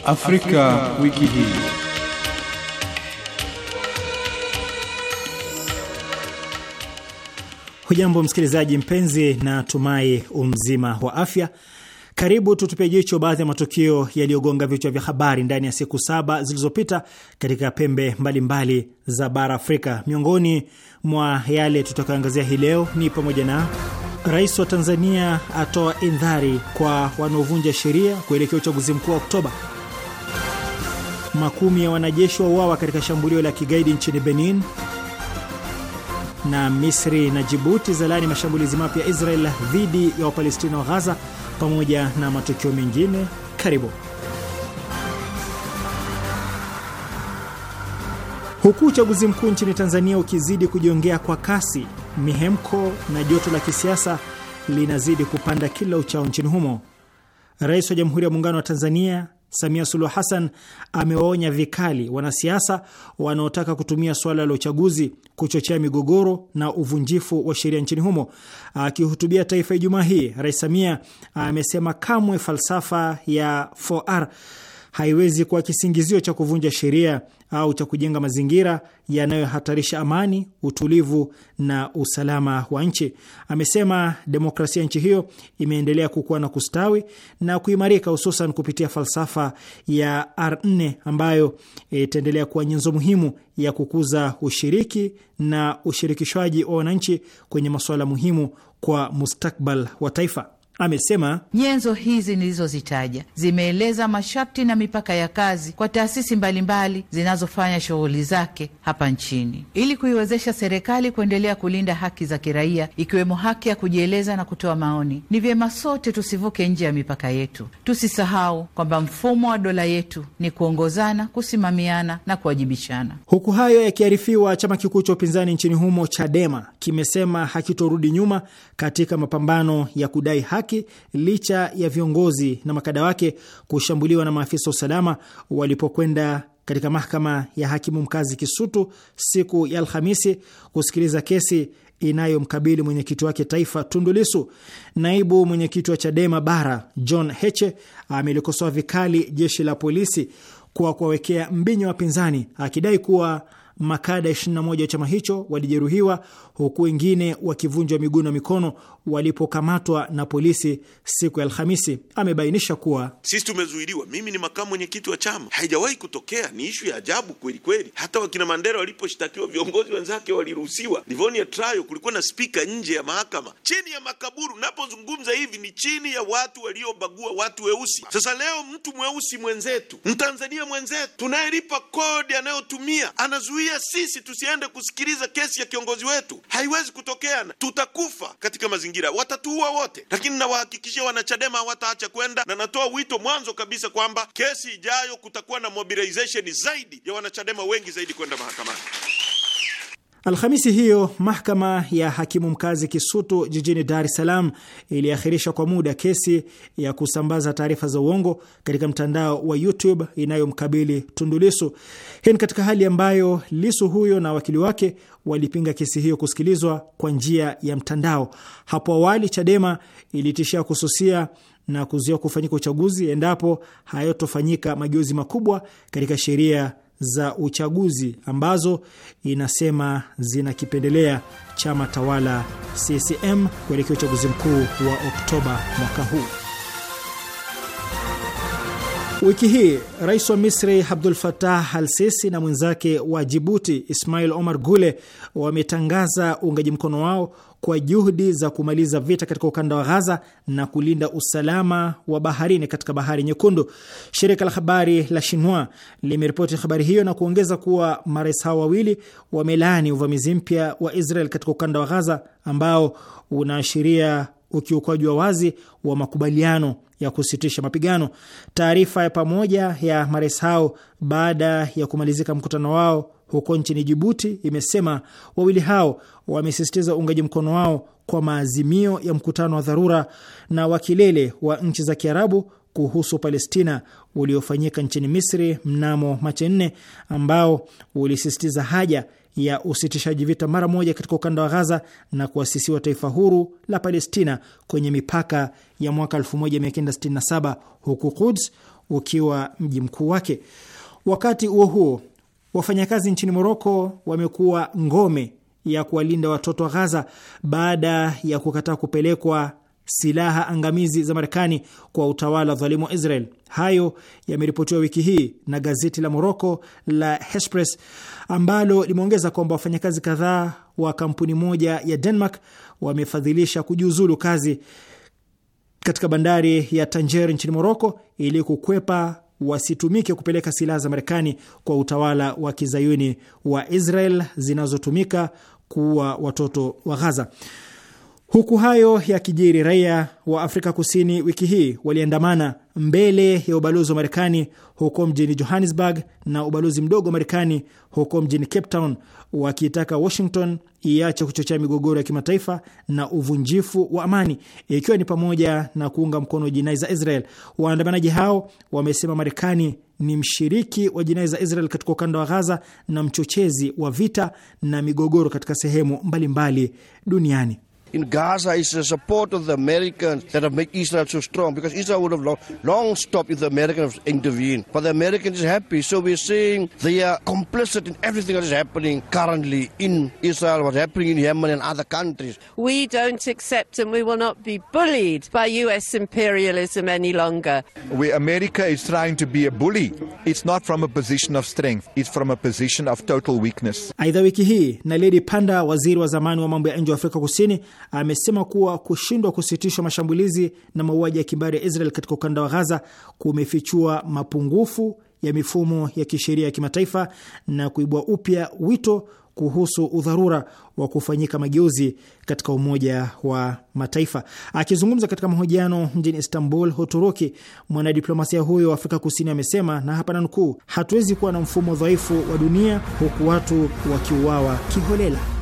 [SPEAKER 2] Afrika, wiki hii.
[SPEAKER 5] Hujambo msikilizaji mpenzi, na tumai umzima wa afya. Karibu tutupe jicho baadhi ya matukio yaliyogonga vichwa vya habari ndani ya siku saba zilizopita katika pembe mbalimbali mbali za bara Afrika. Miongoni mwa yale tutakayoangazia hii leo ni pamoja na Rais wa Tanzania atoa indhari kwa wanaovunja sheria kuelekea uchaguzi mkuu wa Oktoba, makumi ya wanajeshi wa uawa katika shambulio la kigaidi nchini Benin, na Misri na Jibuti zalaani mashambulizi mapya ya Israel dhidi ya Wapalestina wa Ghaza, pamoja na matukio mengine. Karibu. Huku uchaguzi mkuu nchini Tanzania ukizidi kujiongea kwa kasi, mihemko na joto la kisiasa linazidi kupanda kila uchao nchini humo. Rais wa Jamhuri ya Muungano wa Tanzania Samia Suluhu Hassan amewaonya vikali wanasiasa wanaotaka kutumia suala la uchaguzi kuchochea migogoro na uvunjifu wa sheria nchini humo. Akihutubia taifa Ijumaa hii, Rais Samia amesema kamwe falsafa ya 4R haiwezi kuwa kisingizio cha kuvunja sheria au cha kujenga mazingira yanayohatarisha amani, utulivu na usalama wa nchi. Amesema demokrasia nchi hiyo imeendelea kukua na kustawi na kuimarika, hususan kupitia falsafa ya R4 ambayo itaendelea kuwa nyenzo muhimu ya kukuza ushiriki na ushirikishwaji wa wananchi kwenye masuala muhimu kwa mustakbal
[SPEAKER 3] wa taifa amesema nyenzo hizi nilizozitaja zimeeleza masharti na mipaka ya kazi kwa taasisi mbalimbali zinazofanya shughuli zake hapa nchini ili kuiwezesha serikali kuendelea kulinda haki za kiraia ikiwemo haki ya kujieleza na kutoa maoni. Ni vyema sote tusivuke nje ya mipaka yetu. Tusisahau kwamba mfumo wa dola yetu ni kuongozana, kusimamiana na kuwajibishana.
[SPEAKER 5] Huku hayo yakiarifiwa, chama kikuu cha upinzani nchini humo Chadema kimesema hakitorudi nyuma katika mapambano ya kudai haki haki licha ya viongozi na makada wake kushambuliwa na maafisa wa usalama walipokwenda katika mahakama ya hakimu mkazi Kisutu siku ya Alhamisi kusikiliza kesi inayomkabili mwenyekiti wake taifa Tundu Lissu. Naibu mwenyekiti wa Chadema Bara John Heche amelikosoa vikali jeshi la polisi kwa kuwawekea mbinyo wapinzani akidai kuwa makada 21 wa chama hicho walijeruhiwa huku wengine wakivunjwa miguu na mikono walipokamatwa na polisi siku ya Alhamisi. Amebainisha kuwa
[SPEAKER 3] sisi tumezuiliwa, mimi ni makamu mwenyekiti
[SPEAKER 4] wa chama, haijawahi kutokea. Ni ishu ya ajabu kweli kweli. Hata wakina Mandela waliposhtakiwa, viongozi wenzake waliruhusiwa. Livonia trial, kulikuwa na spika nje ya mahakama, chini ya makaburu. Napozungumza hivi ni chini ya watu waliobagua watu weusi. Sasa leo mtu mweusi mwenzetu, mtanzania mwenzetu, tunayelipa kodi anayotumia, anazuia sisi tusiende kusikiliza kesi ya kiongozi wetu haiwezi kutokea, tutakufa katika mazingira, watatuua wote. Lakini nawahakikishia wanachadema hawataacha kwenda, na natoa wito mwanzo kabisa kwamba kesi ijayo
[SPEAKER 2] kutakuwa na mobilization zaidi ya wanachadema wengi zaidi kwenda mahakamani.
[SPEAKER 5] Alhamisi hiyo mahakama ya hakimu mkazi Kisutu jijini Dar es Salaam iliakhirisha kwa muda kesi ya kusambaza taarifa za uongo katika mtandao wa YouTube inayomkabili Tundu Hii ni katika hali ambayo lisu huyo na wakili wake walipinga kesi hiyo kusikilizwa kwa njia ya mtandao. Hapo awali, Chadema ilitishia kususia na kuzuia kufanyika uchaguzi endapo hayatofanyika mageuzi makubwa katika sheria za uchaguzi ambazo inasema zinakipendelea chama tawala CCM kuelekea uchaguzi mkuu wa Oktoba mwaka huu. Wiki hii rais wa Misri Abdul Fatah Al Sisi na mwenzake wa Jibuti Ismail Omar Gule wametangaza uungaji mkono wao kwa juhudi za kumaliza vita katika ukanda wa Ghaza na kulinda usalama wa baharini katika bahari Nyekundu. Shirika la habari la Shinwa limeripoti habari hiyo na kuongeza kuwa marais hao wawili wamelaani uvamizi mpya wa Israel katika ukanda wa Ghaza ambao unaashiria ukiukwaji wa wazi wa makubaliano ya kusitisha mapigano. Taarifa ya pamoja ya marais hao baada ya kumalizika mkutano wao huko nchini Jibuti imesema wawili hao wamesisitiza uungaji mkono wao kwa maazimio ya mkutano wa dharura na wa kilele wa nchi za Kiarabu kuhusu Palestina uliofanyika nchini Misri mnamo Machi nne, ambao ulisisitiza haja ya usitishaji vita mara moja katika ukanda wa Ghaza na kuasisiwa taifa huru la Palestina kwenye mipaka ya mwaka 1967 huku Quds ukiwa mji mkuu wake. Wakati huo huo, Wafanyakazi nchini Moroko wamekuwa ngome ya kuwalinda watoto wa Ghaza baada ya kukataa kupelekwa silaha angamizi za Marekani kwa utawala dhalimu wa Israel. Hayo yameripotiwa wiki hii na gazeti la Moroko la Hespres ambalo limeongeza kwamba wafanyakazi kadhaa wa kampuni moja ya Denmark wamefadhilisha kujiuzulu kazi katika bandari ya Tanjer nchini Moroko ili kukwepa wasitumike kupeleka silaha za Marekani kwa utawala wa kizayuni wa Israel zinazotumika kuua watoto wa Ghaza. Huku hayo ya kijiri, raia wa Afrika Kusini wiki hii waliandamana mbele ya ubalozi wa Marekani huko mjini Johannesburg na ubalozi mdogo wa Marekani huko mjini Cape Town, wakiitaka Washington iache kuchochea migogoro ya kimataifa na uvunjifu wa amani, ikiwa ni pamoja na kuunga mkono jinai za Israel. Waandamanaji hao wamesema Marekani ni mshiriki wa jinai za Israel katika ukanda wa Gaza na mchochezi wa vita na migogoro katika sehemu mbalimbali mbali duniani. in Gaza is the support of the Americans
[SPEAKER 1] that have made Israel so strong because Israel would have long, long stopped if the Americans intervened. But the
[SPEAKER 4] Americans are happy, so we're saying they are complicit in everything that is happening currently in Israel, what's happening in Yemen and other countries.
[SPEAKER 6] We don't accept and we will not be bullied by US imperialism any longer.
[SPEAKER 4] Where America is trying to be a bully,
[SPEAKER 5] it's not from a position of strength, it's from a position of total weakness. Aidha wiki hii Naledi Panda, waziri wa zamani wa mambo ya nje wa Afrika Kusini amesema kuwa kushindwa kusitishwa mashambulizi na mauaji ya kimbari ya Israel katika ukanda wa Ghaza kumefichua mapungufu ya mifumo ya kisheria ya kimataifa na kuibua upya wito kuhusu udharura wa kufanyika mageuzi katika Umoja wa Mataifa. Akizungumza katika mahojiano mjini Istanbul, Uturuki, mwanadiplomasia huyo wa Afrika Kusini amesema, na hapa nanukuu, hatuwezi kuwa na mfumo dhaifu wa dunia huku watu wakiuawa kiholela.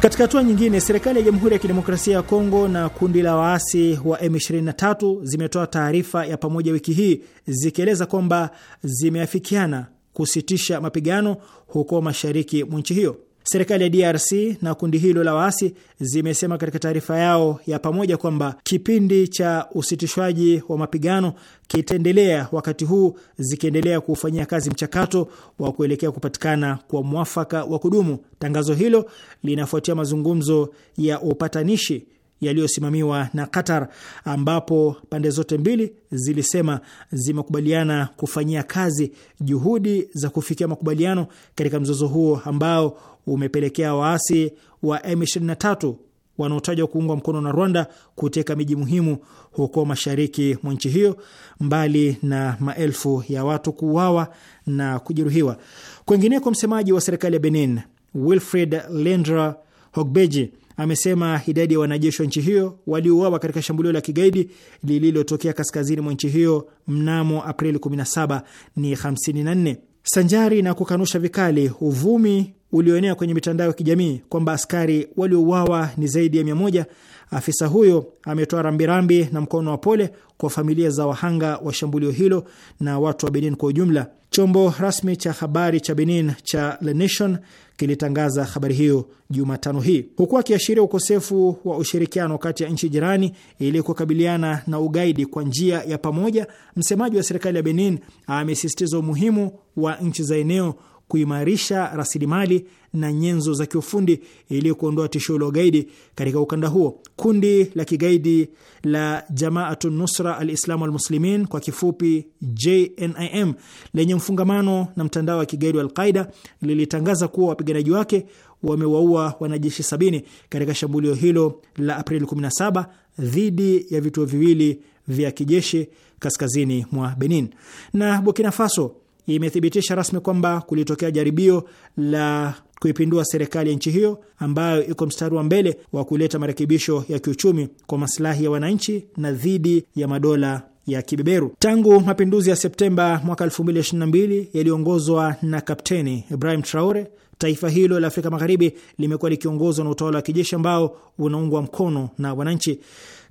[SPEAKER 5] Katika hatua nyingine, serikali ya Jamhuri ya Kidemokrasia ya Kongo na kundi la waasi wa M23 zimetoa taarifa ya pamoja wiki hii zikieleza kwamba zimeafikiana kusitisha mapigano huko mashariki mwa nchi hiyo. Serikali ya DRC na kundi hilo la waasi zimesema katika taarifa yao ya pamoja kwamba kipindi cha usitishwaji wa mapigano kitaendelea, wakati huu zikiendelea kuufanyia kazi mchakato wa kuelekea kupatikana kwa mwafaka wa kudumu. Tangazo hilo linafuatia mazungumzo ya upatanishi yaliyosimamiwa na Qatar, ambapo pande zote mbili zilisema zimekubaliana kufanyia kazi juhudi za kufikia makubaliano katika mzozo huo ambao umepelekea waasi wa M23 wanaotajwa kuungwa mkono na Rwanda kuteka miji muhimu huko mashariki mwa nchi hiyo, mbali na maelfu ya watu kuuawa na kujeruhiwa. Kwengineko, msemaji wa serikali ya Benin Wilfred Lendra Hogbeji amesema idadi ya wanajeshi wa nchi hiyo waliouawa katika shambulio la kigaidi lililotokea kaskazini mwa nchi hiyo mnamo Aprili 17 ni 54. Sanjari na kukanusha vikali uvumi ulioenea kwenye mitandao ya kijamii kwamba askari waliouawa ni zaidi ya mia moja, afisa huyo ametoa rambirambi na mkono wa pole kwa familia za wahanga wa shambulio hilo na watu wa Benin kwa ujumla. Chombo rasmi cha habari cha Benin cha Le Nation kilitangaza habari hiyo Jumatano hii huku akiashiria ukosefu wa ushirikiano kati ya nchi jirani ili kukabiliana na ugaidi kwa njia ya pamoja. Msemaji wa serikali ya Benin amesisitiza umuhimu wa nchi za eneo kuimarisha rasilimali na nyenzo za kiufundi ili kuondoa tishio la ugaidi katika ukanda huo. Kundi la kigaidi la Jamaatu Nusra Alislamu Walmuslimin, kwa kifupi JNIM, lenye mfungamano na mtandao wa kigaidi wa Alqaida lilitangaza kuwa wapiganaji wake wamewaua wanajeshi sabini katika shambulio hilo la Aprili 17 dhidi ya vituo viwili vya kijeshi kaskazini mwa Benin na Burkina Faso imethibitisha rasmi kwamba kulitokea jaribio la kuipindua serikali ya nchi hiyo ambayo iko mstari wa mbele wa kuleta marekebisho ya kiuchumi kwa masilahi ya wananchi na dhidi ya madola ya kibeberu. Tangu mapinduzi ya Septemba mwaka 2022 yaliyoongozwa na Kapteni Ibrahim Traore, taifa hilo la Afrika Magharibi limekuwa likiongozwa na utawala wa kijeshi ambao unaungwa mkono na wananchi.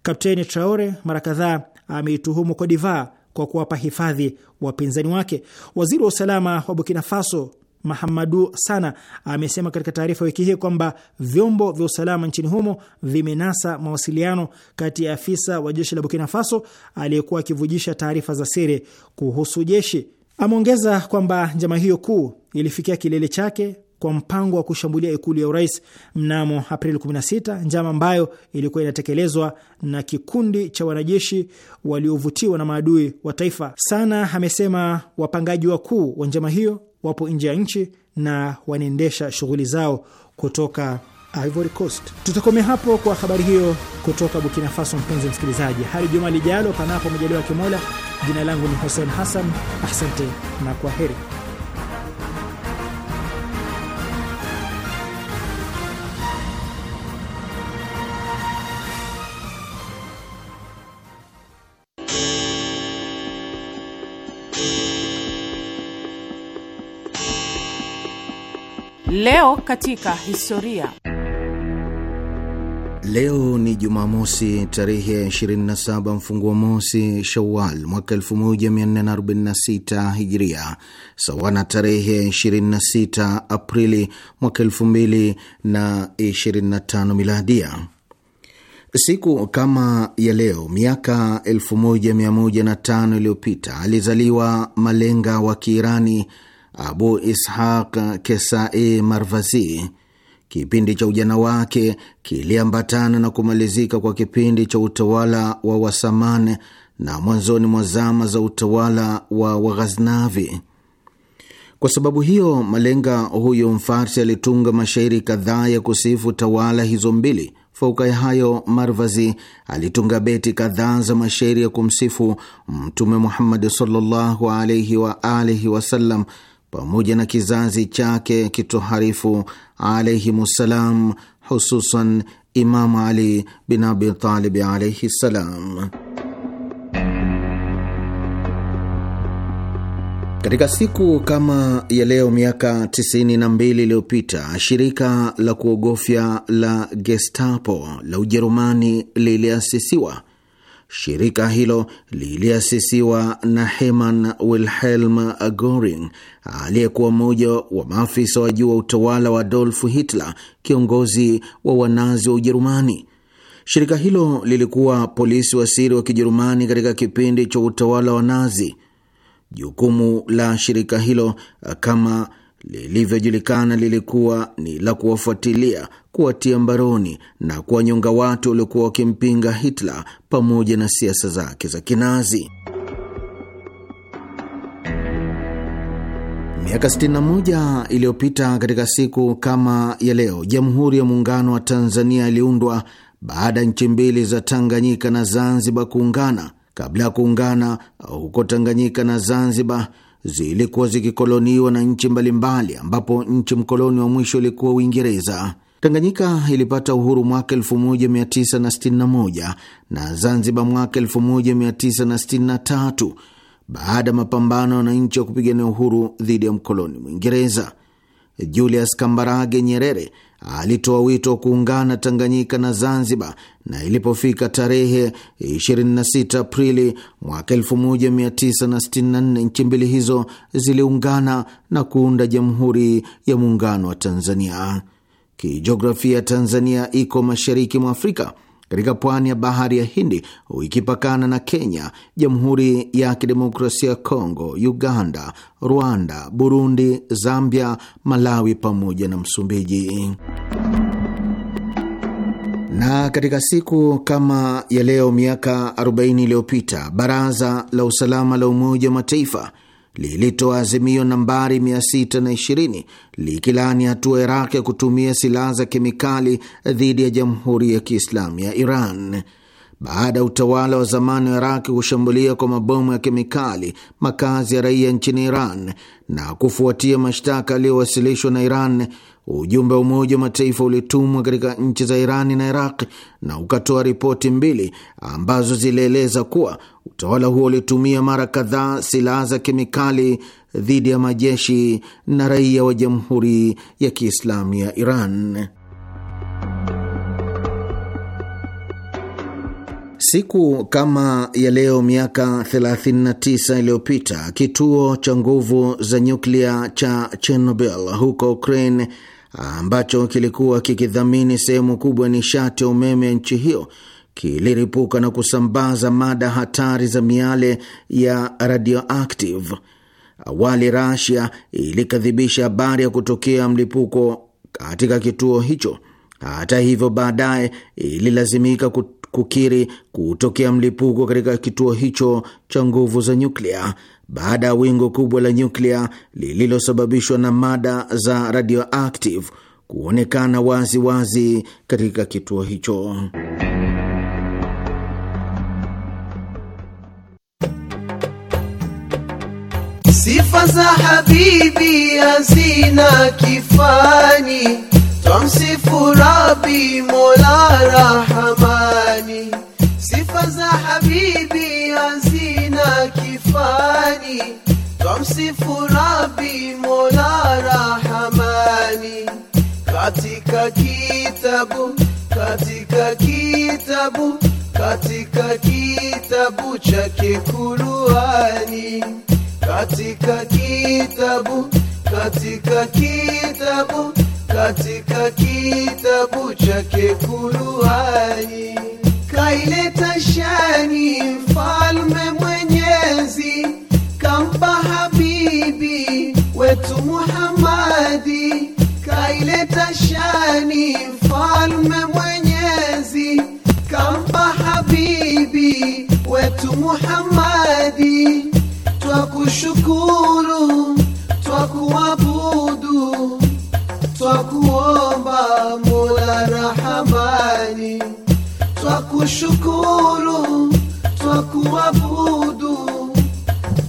[SPEAKER 5] Kapteni Traore mara kadhaa ameituhumu Kodivaa kwa kuwapa hifadhi wapinzani wake. Waziri wa usalama wa Burkina Faso Mahamadu Sana amesema katika taarifa wiki hii kwamba vyombo vya usalama nchini humo vimenasa mawasiliano kati ya afisa wa jeshi la Burkina Faso aliyekuwa akivujisha taarifa za siri kuhusu jeshi. Ameongeza kwamba njama hiyo kuu ilifikia kilele chake kwa mpango wa kushambulia ikulu ya urais mnamo Aprili 16, njama ambayo ilikuwa inatekelezwa na kikundi cha wanajeshi waliovutiwa na maadui wa taifa. Sana amesema wapangaji wakuu wa njama hiyo wapo nje ya nchi na wanaendesha shughuli zao kutoka Ivory Coast. Tutakomea hapo kwa habari hiyo kutoka Burkina Faso. Mpenzi msikilizaji, hadi juma lijalo, panapo majaliwa ya Kimola. Jina langu ni Hussein Hassan, asante na kwa heri.
[SPEAKER 1] Leo katika historia.
[SPEAKER 4] Leo ni Jumamosi tarehe 27 mfunguo mosi Shawal mwaka 1446 Hijria, sawa na tarehe 26 Aprili mwaka 2025 Miladia. Siku kama ya leo miaka 1105 iliyopita alizaliwa malenga wa Kiirani Abu Ishaq Kesai Marvazi. Kipindi cha ujana wake kiliambatana na kumalizika kwa kipindi cha utawala wa Wasamane na mwanzoni mwa zama za utawala wa Waghaznavi. Kwa sababu hiyo, malenga huyu Mfarsi alitunga mashairi kadhaa ya kusifu tawala hizo mbili. Fauka ya hayo, Marvazi alitunga beti kadhaa za mashairi ya kumsifu Mtume Muhammadi sallallahu alaihi wa alihi wasallam pamoja na kizazi chake kitoharifu alaihimussalam, hususan Imamu Ali bin Abitalib alaihi ssalam. Katika siku kama ya leo miaka 92 iliyopita shirika la kuogofya la Gestapo la Ujerumani liliasisiwa Shirika hilo liliasisiwa na heman Wilhelm Goring aliyekuwa mmoja wa maafisa wa juu wa utawala wa Adolf Hitler, kiongozi wa wanazi wa Ujerumani. Shirika hilo lilikuwa polisi wa siri wa Kijerumani katika kipindi cha utawala wa Nazi. Jukumu la shirika hilo kama lilivyojulikana lilikuwa ni la kuwafuatilia, kuwatia mbaroni na kuwanyonga watu waliokuwa wakimpinga Hitler pamoja na siasa zake za Kinazi. Miaka 61 iliyopita katika siku kama ya leo, Jamhuri ya Muungano wa Tanzania iliundwa baada ya nchi mbili za Tanganyika na Zanzibar kuungana. Kabla ya kuungana huko, Tanganyika na Zanzibar zilikuwa zikikoloniwa na nchi mbalimbali, ambapo nchi mkoloni wa mwisho ilikuwa Uingereza. Tanganyika ilipata uhuru mwaka 1961 na Zanzibar mwaka 1963 baada ya mapambano ya wananchi wa kupigania uhuru dhidi ya mkoloni Mwingereza. Julius Kambarage Nyerere alitoa wito wa kuungana Tanganyika na Zanzibar, na ilipofika tarehe 26 Aprili mwaka 1964 nchi mbili hizo ziliungana na kuunda Jamhuri ya Muungano wa Tanzania. Kijiografia, Tanzania iko mashariki mwa Afrika katika pwani ya bahari ya Hindi ikipakana na Kenya, Jamhuri ya Kidemokrasia ya Kongo, Uganda, Rwanda, Burundi, Zambia, Malawi pamoja na Msumbiji. Na katika siku kama ya leo miaka 40 iliyopita baraza la usalama la Umoja wa Mataifa lilitoa azimio nambari 620 likilaani hatua Iraq ya kutumia silaha za kemikali dhidi ya Jamhuri ya Kiislamu ya Iran baada ya utawala wa zamani wa Iraki kushambulia kwa mabomu ya kemikali makazi ya raia nchini Iran na kufuatia mashtaka yaliyowasilishwa na Iran, ujumbe wa Umoja wa Mataifa ulitumwa katika nchi za Irani na Iraq na ukatoa ripoti mbili ambazo zilieleza kuwa utawala huo ulitumia mara kadhaa silaha za kemikali dhidi ya majeshi na raia wa Jamhuri ya Kiislamu ya Iran. Siku kama ya leo miaka 39 iliyopita kituo cha nguvu za nyuklia cha Chernobyl huko Ukraine ambacho kilikuwa kikidhamini sehemu kubwa ya nishati ya umeme ya nchi hiyo kiliripuka na kusambaza mada hatari za miale ya radioactive. Awali Russia ilikadhibisha habari ya kutokea mlipuko katika kituo hicho. Hata hivyo, baadaye ililazimika kukiri kutokea mlipuko katika kituo hicho cha nguvu za nyuklia baada ya wingu kubwa la nyuklia lililosababishwa na mada za radioactive kuonekana wazi wazi katika kituo hicho.
[SPEAKER 6] Sifa za habibi hazina kifani twamsifu Rabi Mola Rahamani, sifa za habibi hazina kifani. Twamsifu Rabi Mola Rahamani katika kitabu katika kitabu katika kitabu chake Qur'ani katika kitabu katika kitabu katika kitabu chake kuluhani kaileta shani mfalme mwenyezi kampa habibi wetu Muhammadi kaileta shani mfalme mwenyezi kampa habibi wetu Muhammadi twakushukuru twakuabudu twakuomba Mola Rahamani, twakushukuru, twakuabudu,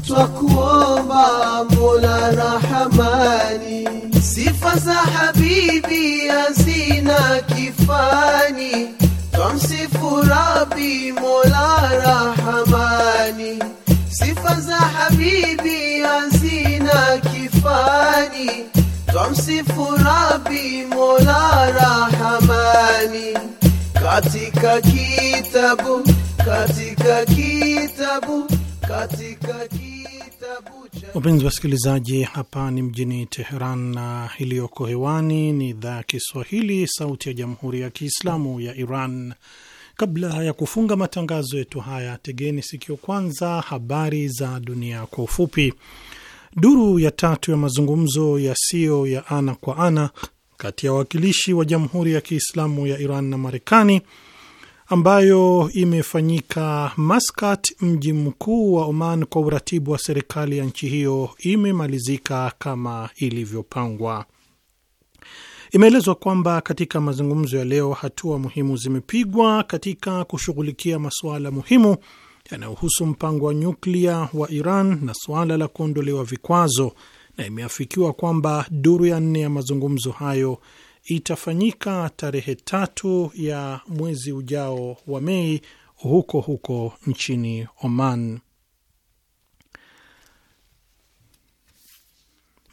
[SPEAKER 6] twakuomba Mola Rahamani, sifa za habibi hazina kifani, twamsifu Rabi Mola Rahamani, sifa za habibi hazina kifani Twamsifu Rabbi Mola Rahamani katika kitabu katika kitabu katika kitabu
[SPEAKER 2] Wapenzi wasikilizaji, hapa ni mjini Teheran na iliyoko hewani ni idhaa ya Kiswahili sauti ya Jamhuri ya Kiislamu ya Iran. Kabla ya kufunga matangazo yetu haya, tegeni sikio kwanza habari za dunia kwa ufupi. Duru ya tatu ya mazungumzo yasiyo ya ana kwa ana kati ya wawakilishi wa Jamhuri ya Kiislamu ya Iran na Marekani ambayo imefanyika Maskat, mji mkuu wa Oman, kwa uratibu wa serikali ya nchi hiyo imemalizika kama ilivyopangwa. Imeelezwa kwamba katika mazungumzo ya leo hatua muhimu zimepigwa katika kushughulikia masuala muhimu yanayohusu mpango wa nyuklia wa Iran na suala la kuondolewa vikwazo, na imeafikiwa kwamba duru ya nne ya mazungumzo hayo itafanyika tarehe tatu ya mwezi ujao wa Mei huko huko nchini Oman.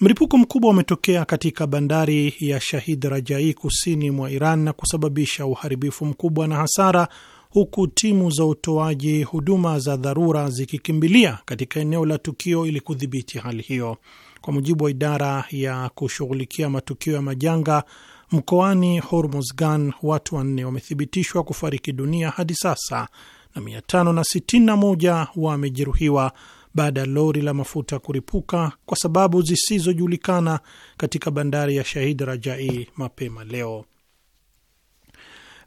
[SPEAKER 2] Mlipuko mkubwa umetokea katika bandari ya Shahid Rajai kusini mwa Iran na kusababisha uharibifu mkubwa na hasara huku timu za utoaji huduma za dharura zikikimbilia katika eneo la tukio ili kudhibiti hali hiyo. Kwa mujibu wa idara ya kushughulikia matukio ya majanga mkoani Hormozgan, watu wanne wamethibitishwa kufariki dunia hadi sasa na 561 wamejeruhiwa baada ya lori la mafuta kuripuka kwa sababu zisizojulikana katika bandari ya Shahid Rajai mapema leo.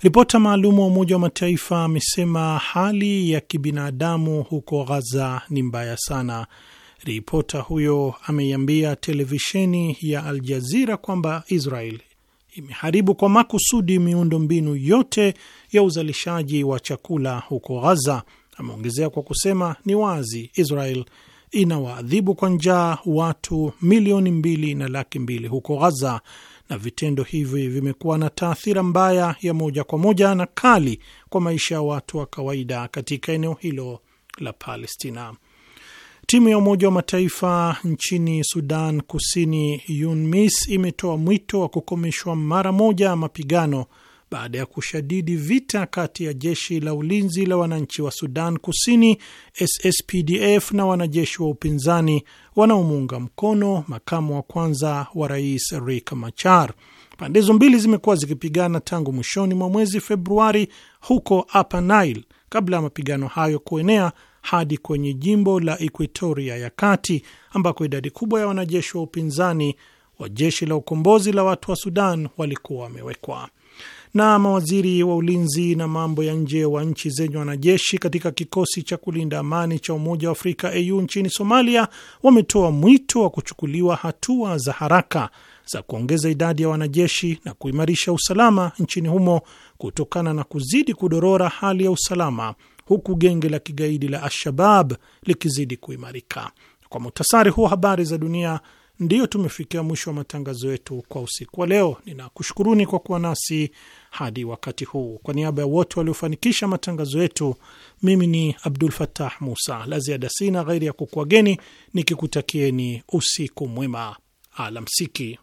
[SPEAKER 2] Ripota maalum wa Umoja wa Mataifa amesema hali ya kibinadamu huko Ghaza ni mbaya sana. Ripota huyo ameiambia televisheni ya Al Jazira kwamba Israel imeharibu kwa makusudi miundo mbinu yote ya uzalishaji wa chakula huko Ghaza. Ameongezea kwa kusema ni wazi Israel inawaadhibu kwa njaa watu milioni mbili na laki mbili huko Ghaza na vitendo hivi vimekuwa na taathira mbaya ya moja kwa moja na kali kwa maisha ya watu wa kawaida katika eneo hilo la Palestina. Timu ya Umoja wa Mataifa nchini Sudan Kusini, UNMISS, imetoa mwito wa kukomeshwa mara moja mapigano baada ya kushadidi vita kati ya jeshi la ulinzi la wananchi wa Sudan Kusini SSPDF na wanajeshi wa upinzani wanaomuunga mkono makamu wa kwanza wa rais Riek Machar. Pande hizo mbili zimekuwa zikipigana tangu mwishoni mwa mwezi Februari huko Upper Nile kabla ya mapigano hayo kuenea hadi kwenye jimbo la Equatoria ya kati ambako idadi kubwa ya wanajeshi wa upinzani wa jeshi la ukombozi la watu wa Sudan walikuwa wamewekwa na mawaziri wa ulinzi na mambo ya nje wa nchi zenye wanajeshi katika kikosi cha kulinda amani cha Umoja wa Afrika AU nchini Somalia wametoa mwito wa kuchukuliwa hatua za haraka za kuongeza idadi ya wanajeshi na kuimarisha usalama nchini humo kutokana na kuzidi kudorora hali ya usalama huku genge la kigaidi la Al-Shabab likizidi kuimarika. Kwa muhtasari huu habari za dunia, ndiyo tumefikia mwisho wa matangazo yetu kwa usiku wa leo. Ninakushukuruni kwa kuwa nasi hadi wakati huu. Kwa niaba ya wote waliofanikisha matangazo yetu, mimi ni Abdul Fattah Musa. La ziada sina ghairi ya kukuageni nikikutakieni usiku mwema, alamsiki.